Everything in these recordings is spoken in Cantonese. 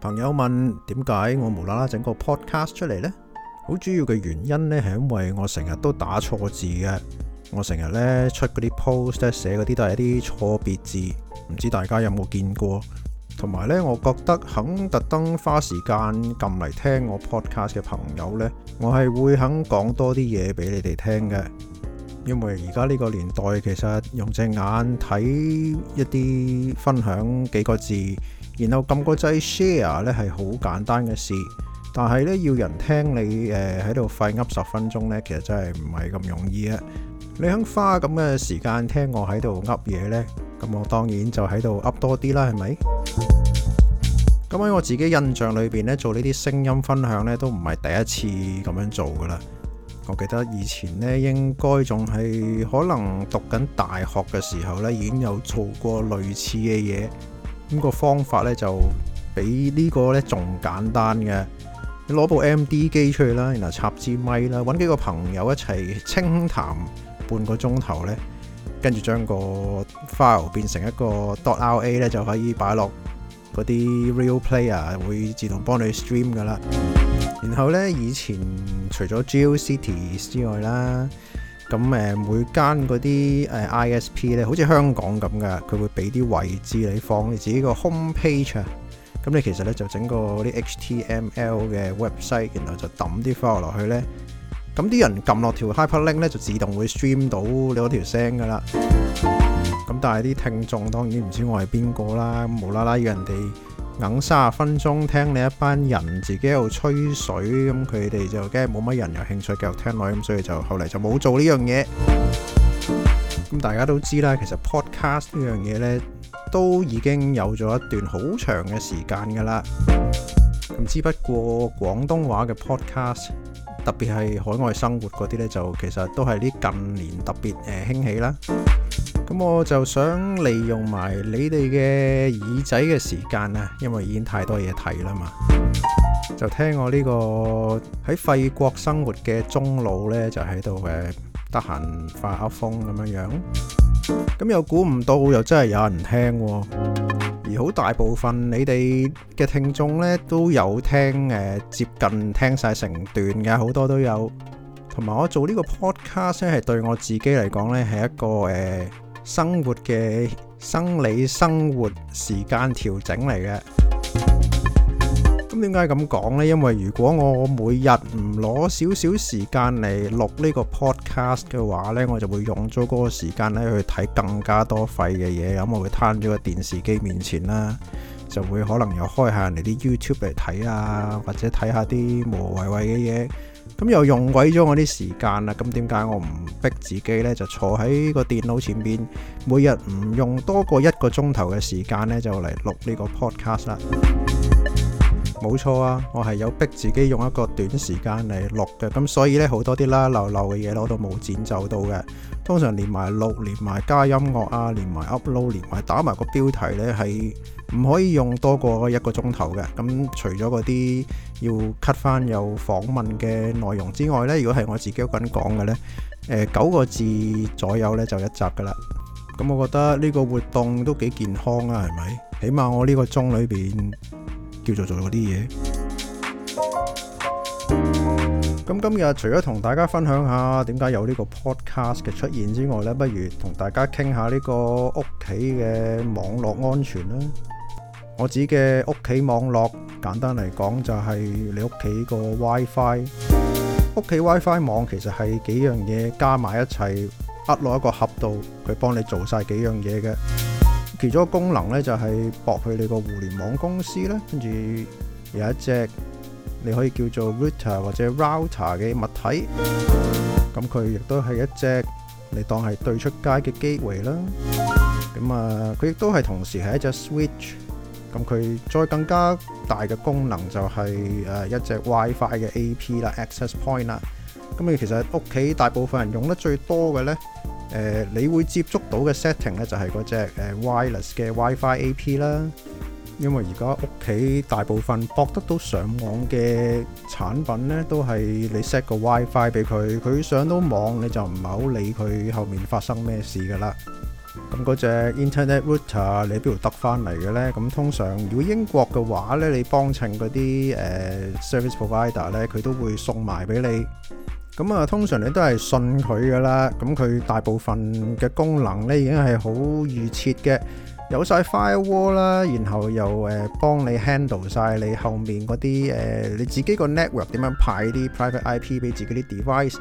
朋友問點解我無啦啦整個 podcast 出嚟呢？好主要嘅原因呢，係因為我成日都打錯字嘅，我成日呢，出嗰啲 post 呢，寫嗰啲都係一啲錯別字，唔知大家有冇見過？同埋呢，我覺得肯特登花時間撳嚟聽我 podcast 嘅朋友呢，我係會肯講多啲嘢俾你哋聽嘅，因為而家呢個年代其實用隻眼睇一啲分享幾個字。然後撳個掣 share 咧係好簡單嘅事，但係咧要人聽你誒喺度廢噏十分鐘咧，其實真係唔係咁容易啊！你肯花咁嘅時間聽我喺度噏嘢咧，咁我當然就喺度噏多啲啦，係咪？咁喺我自己印象裏邊咧，做呢啲聲音分享咧都唔係第一次咁樣做噶啦。我記得以前咧應該仲係可能讀緊大學嘅時候咧已經有做過類似嘅嘢。咁、那個方法咧就比這個呢個咧仲簡單嘅，你攞部 MD 機出去啦，然後插支咪啦，搵幾個朋友一齊清談半個鐘頭咧，跟住將個 file 變成一個 dot ra 咧就可以擺落嗰啲 real player 會自動幫你 stream 噶啦。然後咧以前除咗 Geocities 之外啦。咁誒每間嗰啲誒 ISP 咧，好似香港咁㗎，佢會俾啲位置你放你自己個 home page 啊。咁你其實咧就整個啲 HTML 嘅 website，然後就揼啲 file 落去咧。咁啲人撳落條 hyperlink 咧，就自動會 stream 到你嗰條聲㗎啦。咁但係啲聽眾當然唔知我係邊個啦，無啦啦要人哋，硬30分鐘聽你一班人自己喺度吹水，咁佢哋就梗係冇乜人有興趣繼續聽落去，咁所以就後嚟就冇做呢樣嘢，咁大家都知啦，其實 podcast 咁我就想利用埋你哋嘅耳仔嘅時間啦，因為已經太多嘢睇啦嘛，就聽我呢個喺廢國生活嘅中老呢，就喺度誒得閒發下瘋咁樣樣。咁又估唔到，又真係有人聽喎。而好大部分你哋嘅聽眾呢，都有聽誒接近聽晒成段嘅，好多都有。同埋我做呢個 podcast 呢，係對我自己嚟講呢，係一個誒，生活嘅生理生活時間調整嚟嘅，咁點解咁講呢？因為如果我每日唔攞少少時間嚟錄呢個 podcast 嘅話呢，我就會用咗嗰個時間咧去睇更加多廢嘅嘢，咁我會攤咗個電視機面前啦，就會可能又開下人哋啲 YouTube 嚟睇啊，或者睇下啲無謂謂嘅嘢。咁又用鬼咗我啲時間啦！咁點解我唔逼自己呢？就坐喺個電腦前面，每日唔用多過一個鐘頭嘅時間呢，就嚟錄呢個 podcast 啦。冇錯啊！我係有逼自己用一個短時間嚟錄嘅，咁所以咧，好多啲啦漏漏嘅嘢攞到冇剪就到嘅。通常連埋錄、連埋加音樂啊、連埋 upload、連埋打埋個標題咧，係唔可以用多過一個鐘頭嘅。咁除咗嗰啲要 cut 翻有訪問嘅內容之外咧，如果係我自己一個人講嘅咧，誒，九個字左右咧就一集噶啦。咁我覺得呢個活動都幾健康啊，係咪？起碼我呢個鐘裏邊。叫做做嗰啲嘢。咁今日除咗同大家分享下點解有呢個 podcast 嘅出現之外呢，不如同大家傾下呢個屋企嘅網絡安全啦。我指嘅屋企網絡，簡單嚟講就係你屋企個 WiFi。屋企 WiFi 網其實係幾樣嘢加埋一齊，呃落一個盒度，佢幫你做晒幾樣嘢嘅。其中一個功能咧就係駁去你個互聯網公司啦，跟住有一隻你可以叫做 router 或者 router 嘅物體，咁佢亦都係一隻你當係對出街嘅機會啦。咁啊，佢亦都係同時係一隻 switch。咁佢再更加大嘅功能就係誒一隻 WiFi 嘅 AP 啦、Access Point 啦。咁啊，其實屋企大部分人用得最多嘅咧。呃、你會接觸到嘅 setting 咧，就係嗰隻 wireless 嘅 WiFi AP 啦。因為而家屋企大部分博得到上網嘅產品咧，都係你 set 個 WiFi 俾佢，佢上到網你就唔係好理佢後面發生咩事㗎喇。咁嗰隻 internet router 你喺邊度得返嚟嘅咧？咁通常如果英國嘅話咧，你幫襯嗰啲 service provider 咧，佢都會送埋俾你。咁啊，通常你都係信佢噶啦。咁佢大部分嘅功能咧，已經係好預設嘅，有曬 firewall 啦，然後又誒幫你 handle 曬你後面嗰啲誒你自己個 network 點樣派啲 private IP 俾自己啲 device。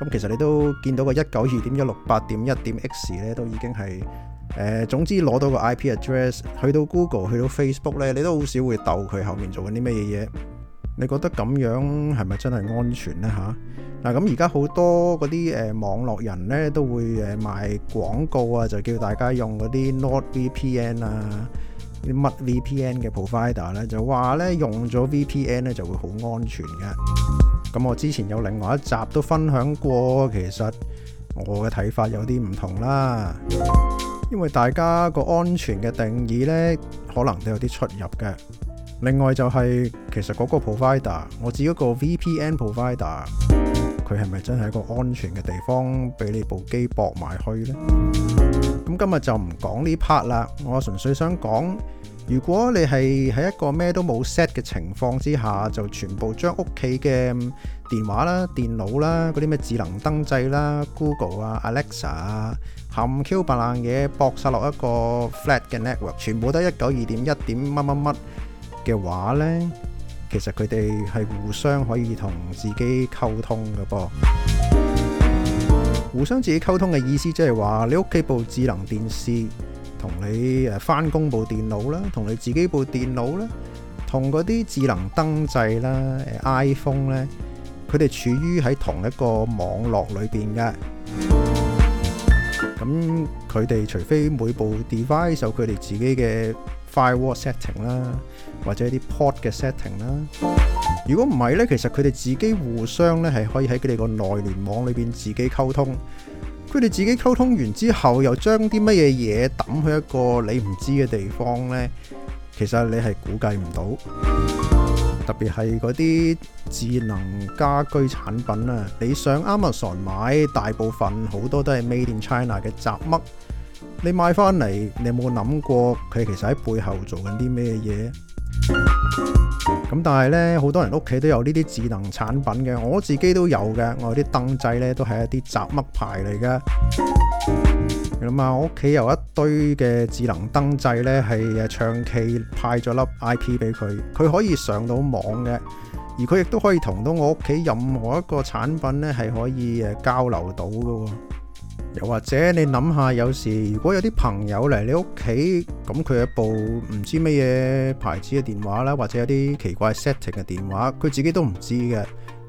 咁其實你都見到個一九二點一六八點一點 x 咧，都已經係誒總之攞到個 IP address 去到 Google 去到 Facebook 咧，你都好少會逗佢後面做緊啲乜嘢嘢。你覺得咁樣係咪真係安全呢？吓，嗱咁而家好多嗰啲誒網絡人呢，都會誒賣廣告啊，就叫大家用嗰啲 NordVPN 啊、啲乜 VPN 嘅 provider 呢，就話呢，用咗 VPN 呢，就會好安全㗎。咁我之前有另外一集都分享過，其實我嘅睇法有啲唔同啦，因為大家個安全嘅定義呢，可能都有啲出入嘅。另外就係、是，其實嗰個 provider，我指嗰個 VPN provider，佢係咪真係一個安全嘅地方俾你部機駁埋去呢？咁今日就唔講呢 part 啦，我純粹想講，如果你係喺一個咩都冇 set 嘅情況之下，就全部將屋企嘅電話啦、電腦啦、嗰啲咩智能燈掣啦、Google 啊、Alexa 啊、冚 Q 白爛嘢駁晒落一個 flat 嘅 network，全部都一九二點一點乜乜乜。嘅話呢，其實佢哋係互相可以同自己溝通嘅噃。互相自己溝通嘅意思就是，即係話你屋企部智能電視同你誒翻工部電腦啦，同你自己部電腦啦，同嗰啲智能燈掣啦、iPhone 呢，佢哋處於喺同一個網絡裏邊嘅。咁佢哋除非每部 device 有佢哋自己嘅。Firewall setting 啦，或者啲 port 嘅 setting 啦。如果唔係呢，其實佢哋自己互相呢係可以喺佢哋個內聯網裏邊自己溝通。佢哋自己溝通完之後，又將啲乜嘢嘢抌去一個你唔知嘅地方呢。其實你係估計唔到。特別係嗰啲智能家居產品啊，你上 Amazon 買，大部分好多都係 made in China 嘅雜物。你買翻嚟，你有冇諗過佢其實喺背後做緊啲咩嘢？咁但係呢，好多人屋企都有呢啲智能產品嘅，我自己都有嘅。我啲燈掣呢都係一啲雜乜牌嚟嘅。咁啊，我屋企有一堆嘅智能燈掣呢，係誒唱 K 派咗粒 I P 俾佢，佢可以上到網嘅，而佢亦都可以同到我屋企任何一個產品呢，係可以誒交流到嘅。又或者你諗下，有時如果有啲朋友嚟你屋企，咁佢有部唔知乜嘢牌子嘅電話啦，或者有啲奇怪 setting 嘅電話，佢自己都唔知嘅，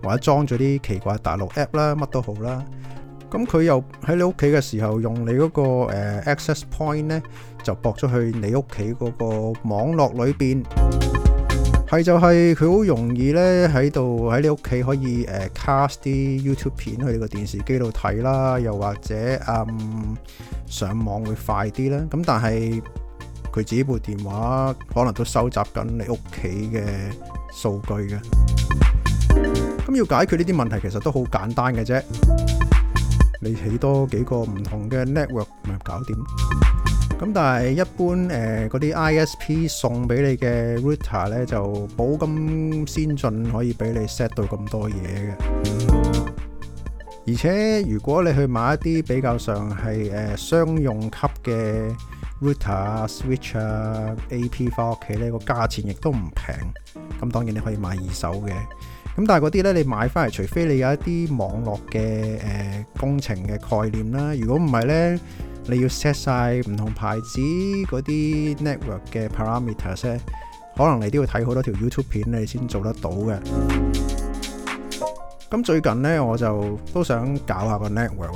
或者裝咗啲奇怪大陸 app 啦，乜都好啦，咁佢又喺你屋企嘅時候用你嗰個誒 access point 呢，就駁咗去你屋企嗰個網絡裏邊。係就係佢好容易咧，喺度喺你屋企可以誒 cast 啲 YouTube 片去你個電視機度睇啦，又或者啊上網會快啲啦。咁但係佢自己部電話可能都收集緊你屋企嘅數據嘅。咁要解決呢啲問題，其實都好簡單嘅啫。你起多幾個唔同嘅 network 咪搞掂。咁但係一般誒嗰啲 ISP 送俾你嘅 router 咧，就冇咁先進，可以俾你 set 到咁多嘢嘅。而且如果你去買一啲比較上係誒商用級嘅 router 啊、switch 啊、AP 翻屋企咧，個價錢亦都唔平。咁當然你可以買二手嘅。咁但係嗰啲咧，你買翻嚟，除非你有一啲網絡嘅誒工程嘅概念啦，如果唔係咧。你要 set 曬唔同牌子嗰啲 network 嘅 parameters 可能你都要睇好多條 YouTube 片，你先做得到嘅。咁最近呢，我就都想搞下個 network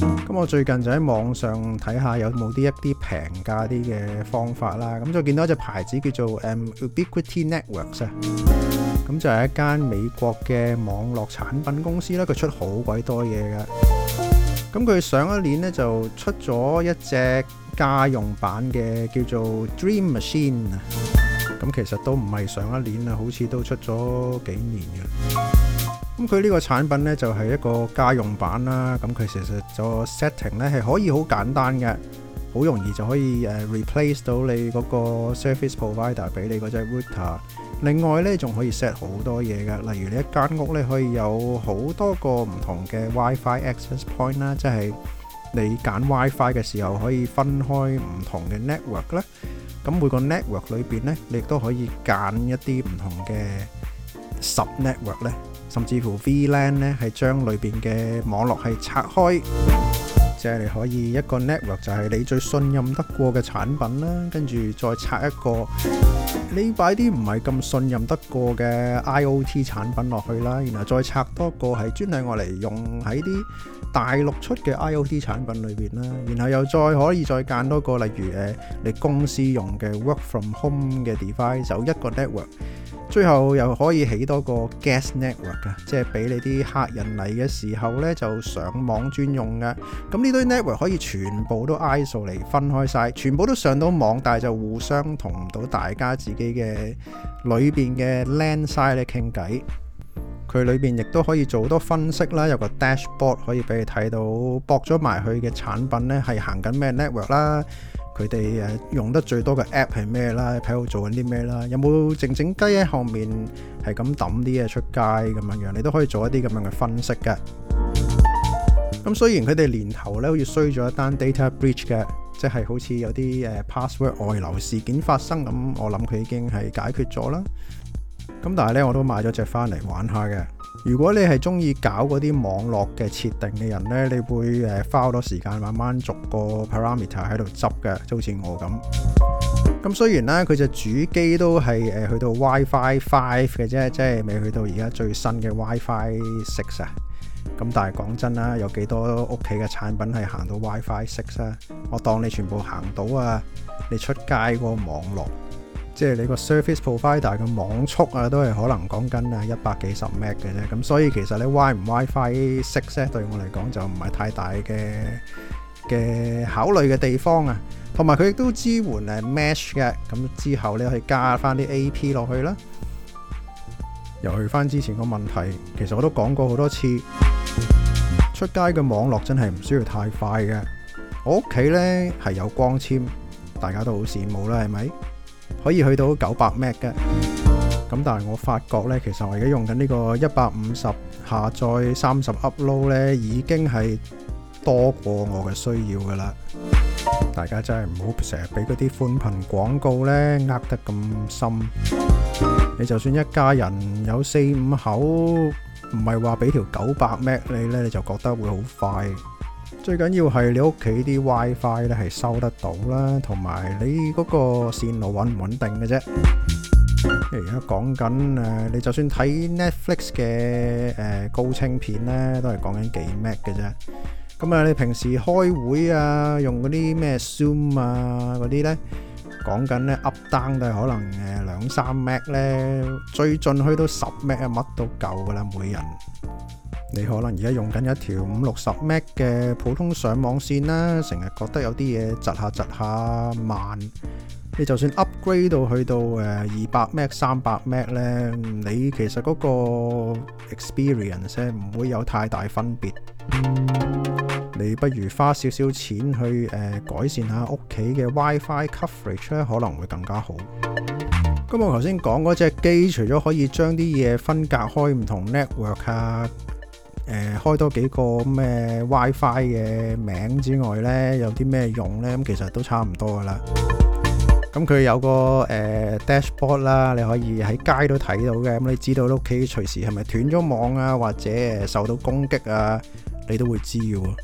咁我最近就喺網上睇下有冇啲一啲平價啲嘅方法啦。咁就見到一隻牌子叫做、M、Ubiquiti Networks 咁就係一間美國嘅網絡產品公司啦。佢出好鬼多嘢嘅。咁佢上一年咧就出咗一隻家用版嘅叫做 Dream Machine。咁其實都唔係上一年，好似都出咗幾年嘅。咁佢呢個產品咧就係、是、一個家用版啦，咁佢其實就 setting 咧係可以好簡單嘅，好容易就可以誒 replace 到你嗰個 service provider 俾你嗰隻 router。另外咧，仲可以 set 好多嘢㗎，例如你一間屋咧可以有好多個唔同嘅 WiFi access point 啦，即係你揀 WiFi 嘅時候可以分開唔同嘅 network 啦。咁每個 network 裏邊咧，你亦都可以揀一啲唔同嘅 sub network 咧，甚至乎 VLAN 咧係將裏邊嘅網絡係拆開。即係你可以一個 network 就係你最信任得過嘅產品啦，跟住再拆一個，你擺啲唔係咁信任得過嘅 IOT 產品落去啦，然後再拆多個係專係我嚟用喺啲大陸出嘅 IOT 產品裏邊啦，然後又再可以再揀多個，例如誒你公司用嘅 work from home 嘅 device 就一個 network，最後又可以起多個 guest network 啊，即係俾你啲客人嚟嘅時候咧就上網專用嘅，咁。呢堆 network 可以全部都 ISO 嚟分開晒，全部都上到網，但係就互相同唔到大家自己嘅裏邊嘅 landside 咧傾偈。佢裏邊亦都可以做好多分析啦，有個 dashboard 可以俾你睇到，駁咗埋佢嘅產品咧係行緊咩 network 啦，佢哋誒用得最多嘅 app 係咩啦，喺度做緊啲咩啦，有冇靜靜雞喺後面係咁抌啲嘢出街咁樣樣，你都可以做一啲咁樣嘅分析嘅。咁雖然佢哋年頭咧好似衰咗一單 data breach 嘅，即係好似有啲誒 password 外流事件發生咁，我諗佢已經係解決咗啦。咁但係咧，我都買咗隻返嚟玩下嘅。如果你係中意搞嗰啲網絡嘅設定嘅人咧，你會誒花好多時間慢慢逐個 parameter 喺度執嘅，就好似我咁。咁雖然咧，佢隻主機都係誒去到 WiFi Five 嘅啫，即係未去到而家最新嘅 WiFi Six 啊。咁但係講真啦，有幾多屋企嘅產品係行到 WiFi six 啊？我當你全部行到啊，你出街嗰個網絡，即係你個 service provider 嘅網速啊，都係可能講緊啊一百幾十 Mbps 嘅啫。咁所以其實咧，Wi 唔 WiFi six、啊、對我嚟講就唔係太大嘅嘅考慮嘅地方啊。同埋佢亦都支援誒 Mesh 嘅，咁之後咧去加翻啲 AP 落去啦。又去翻之前個問題，其實我都講過好多次。出街嘅網絡真係唔需要太快嘅，我屋企呢係有光纖，大家都好羨慕啦，係咪？可以去到九百 Mbps，咁但係我發覺呢，其實我而家用緊呢個一百五十下載三十 upload 呢，已經係多過我嘅需要㗎喇。大家真係唔好成日俾嗰啲寬頻廣告呢呃得咁深，你就算一家人有四五口，唔係話俾條九百 Mbps 你呢，你就覺得會好快。最緊要係你屋企啲 WiFi 呢係收得到啦，同埋你嗰個線路穩唔穩定嘅啫。而家講緊誒，你就算睇 Netflix 嘅誒高清片呢，都係講緊幾 Mbps 嘅啫。咁啊，你平時開會啊，用嗰啲咩 Zoom 啊嗰啲呢？講緊咧 up down 都係可能誒兩三 Mbps 咧，追進去到十 Mbps 乜都夠㗎啦，每人。你可能而家用緊一條五六十 Mbps 嘅普通上網線啦，成日覺得有啲嘢窒下窒下慢。你就算 upgrade 到去到誒二百 Mbps，三百 Mbps 咧，你其實嗰個 experience 唔會有太大分別。你不如花少少錢去誒改善下屋企嘅 WiFi coverage 咧，可能會更加好。咁我頭先講嗰隻機，除咗可以將啲嘢分隔開唔同 network 啊，誒開多幾個咩 WiFi 嘅名之外呢，有啲咩用呢？咁其實都差唔多噶啦。咁佢有個誒 dashboard 啦，你可以喺街都睇到嘅，咁你知道屋企隨時係咪斷咗網啊，或者受到攻擊啊？你都會知嘅喎，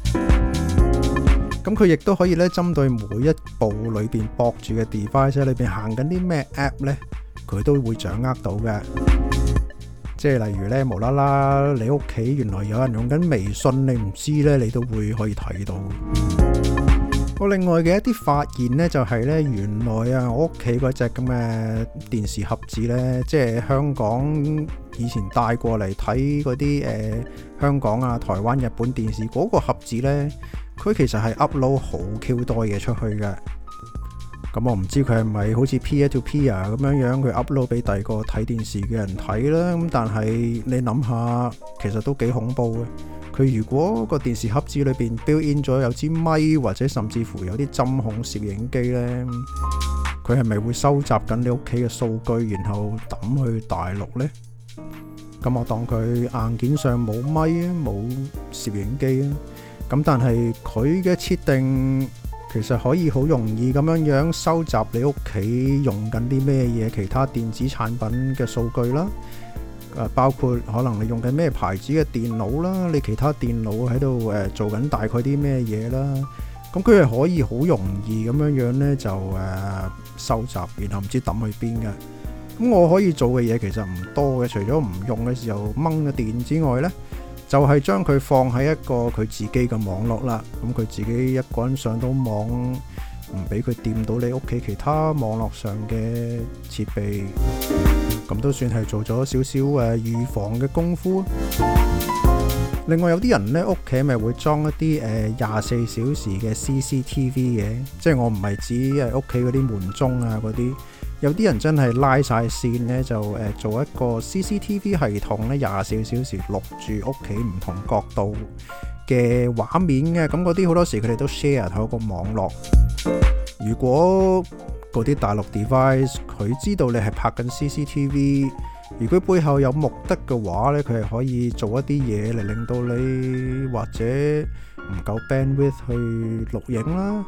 咁佢亦都可以咧針對每一部裏邊駁住嘅 device 裏邊行緊啲咩 app 呢，佢都會掌握到嘅。即係例如呢，無啦啦，你屋企原來有人用緊微信，你唔知呢，你都會可以睇到。我另外嘅一啲發現呢，就係呢原來啊，我屋企嗰隻咁嘅電視盒子呢，即係香港以前帶過嚟睇嗰啲誒香港啊、台灣、日本電視嗰個盒子呢，佢其實係 upload 好 Q 多嘢出去嘅。咁我唔知佢係咪好似 Peer-to-Peer 啊咁樣樣，佢 Upload 俾第二個睇電視嘅人睇啦。咁但係你諗下，其實都幾恐怖嘅。佢如果個電視盒子入面 build in 咗有支咪，或者甚至乎有啲針孔攝影機呢，佢係咪會收集緊你屋企嘅數據，然後抌去大陸呢？咁我當佢硬件上冇咪啊，冇攝影機啊。咁但係佢嘅設定，其實可以好容易咁樣樣收集你屋企用緊啲咩嘢，其他電子產品嘅數據啦。誒，包括可能你用緊咩牌子嘅電腦啦，你其他電腦喺度誒做緊大概啲咩嘢啦。咁佢係可以好容易咁樣樣呢就誒收集，然後唔知抌去邊嘅。咁我可以做嘅嘢其實唔多嘅，除咗唔用嘅時候掹個電之外呢。就係將佢放喺一個佢自己嘅網絡啦。咁佢自己一個人上到網，唔俾佢掂到你屋企其他網絡上嘅設備，咁都算係做咗少少誒預防嘅功夫。另外有啲人咧，屋企咪會裝一啲誒廿四小時嘅 CCTV 嘅，即係我唔係指係屋企嗰啲門鐘啊嗰啲。有啲人真係拉晒線呢，就誒做一個 CCTV 系統呢，廿四小時錄住屋企唔同角度嘅畫面嘅，咁嗰啲好多時佢哋都 share 喺個網絡。如果嗰啲大陸 device 佢知道你係拍緊 CCTV，如果背後有目的嘅話呢，佢係可以做一啲嘢嚟令到你或者唔夠 bandwidth 去錄影啦。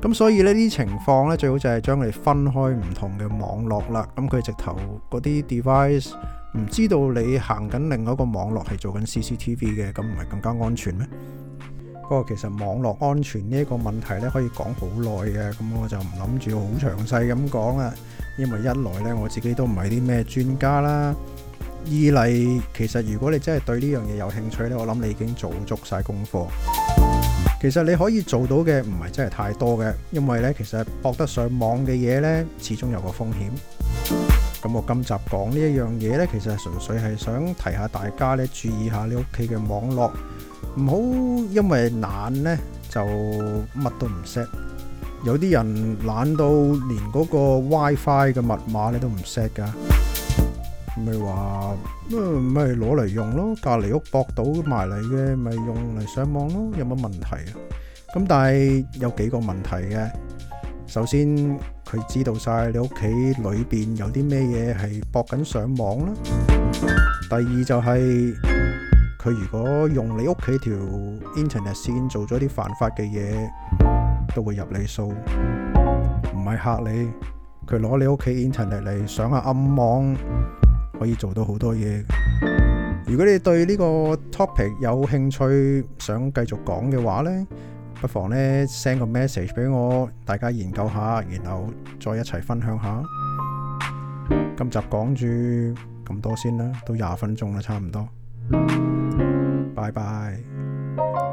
咁所以呢啲情況呢，最好就係將你分開唔同嘅網絡啦。咁、嗯、佢直頭嗰啲 device 唔知道你行緊另外一個網絡係做緊 CCTV 嘅，咁唔係更加安全咩？不過其實網絡安全呢一個問題呢，可以講好耐嘅。咁我就唔諗住好詳細咁講啦，因為一來呢，我自己都唔係啲咩專家啦。二嚟，其實如果你真係對呢樣嘢有興趣呢，我諗你已經做足晒功課。其實你可以做到嘅唔係真係太多嘅，因為呢，其實駁得上網嘅嘢呢，始終有個風險。咁我今集講呢一樣嘢呢，其實純粹係想提下大家呢，注意下你屋企嘅網絡，唔好因為懶呢，就乜都唔識。有啲人懶到連嗰個 WiFi 嘅密碼你都唔識㗎。咪話，咪攞嚟用咯，隔籬屋駁到埋嚟嘅，咪用嚟上網咯，有乜問題啊？咁但係有幾個問題嘅，首先佢知道晒你屋企裏邊有啲咩嘢係駁緊上網啦。第二就係佢如果用你屋企條 internet 線做咗啲犯法嘅嘢，都會入你數，唔係吓你，佢攞你屋企 internet 嚟上下暗網。可以做到好多嘢。如果你對呢個 topic 有興趣，想繼續講嘅話呢，不妨呢 send 個 message 俾我，大家研究下，然後再一齊分享下。今集講住咁多先啦，都廿分鐘啦，差唔多。拜拜。